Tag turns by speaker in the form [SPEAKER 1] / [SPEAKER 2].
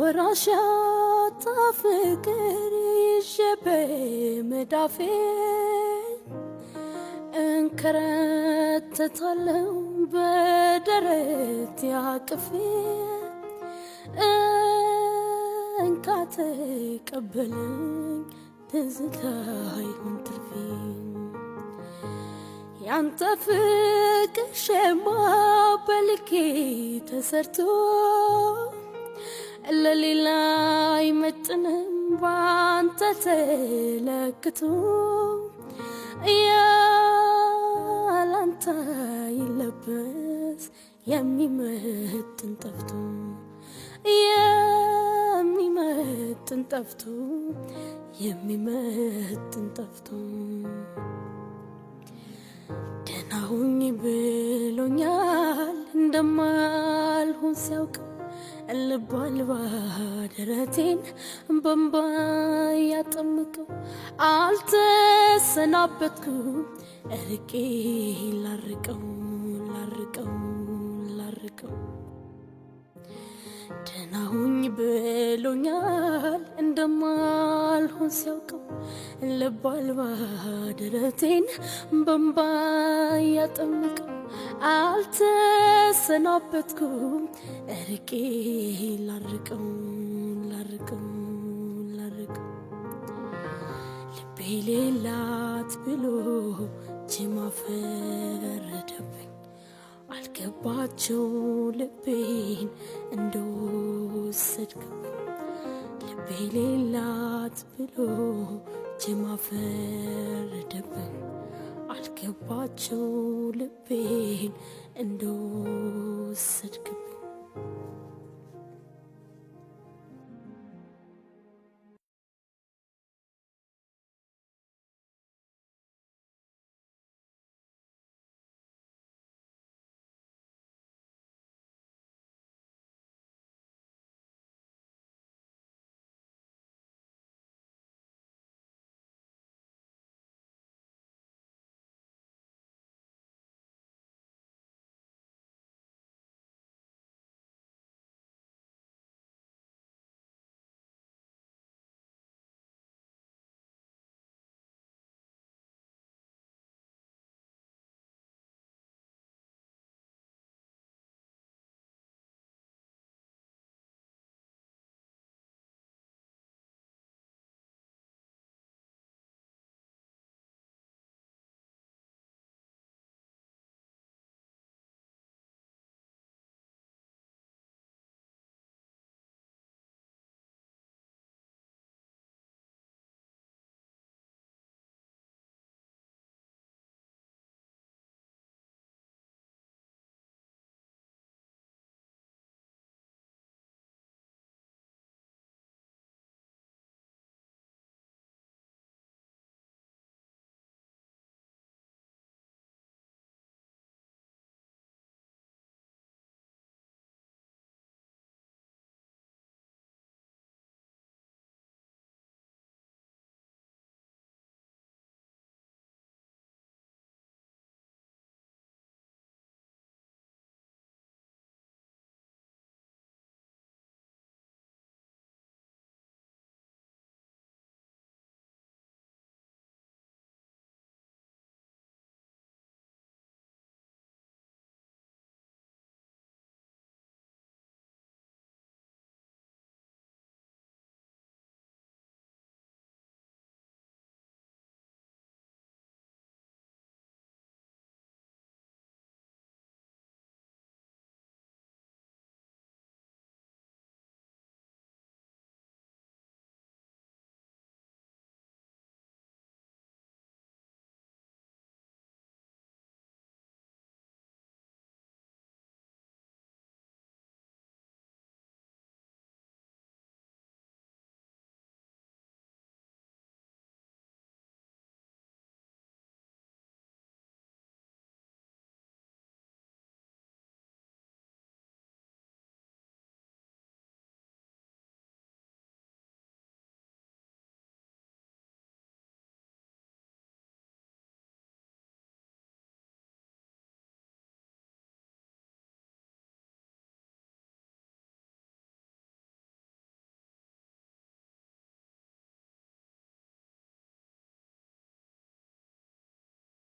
[SPEAKER 1] ወራሻ ጣ ፍቅር ይዤብኝ መዳፌ እንከረትታለው በደረት ያቅፌ እንካ ተቀበለኝ ትዝታ ይሁን ትርፌ ያንተ ፍቅር ሸማ በልኬ ተሰርቶ ለሌላ አይመጥንም ባንተ ተለክቶ ያላንተ ይለበስ የሚመጥን ጠፍቶ የሚመጥን ጠፍቶ የሚመጥን ጠፍቶ ደህና ሁኝ ብሎኛል እንደማልሆን ሲያውቅ ልቧ አልባ ደረቴን በእንባ ያጠመቀው አልተሰናበትኩም እርቄ ላርቀው ላርቀው ላርቀው ደናሁኝ ብሎኛል እንደማልሆን ሲያውቀው ልብ አልባ ደረቴን በንባ ያጠምቀው አልተሰናበትኩም እርቄ ላርቀው ላርቀው ላርቀው ልቤ ሌላት ብሎ ጅማ ፈረደብኝ አልገባቸው ልቤን እንደወሰድክ ልቤ ሌላት ብሎ ጀማፈረደብን አልገባቸው ልቤን እንደወሰድክብን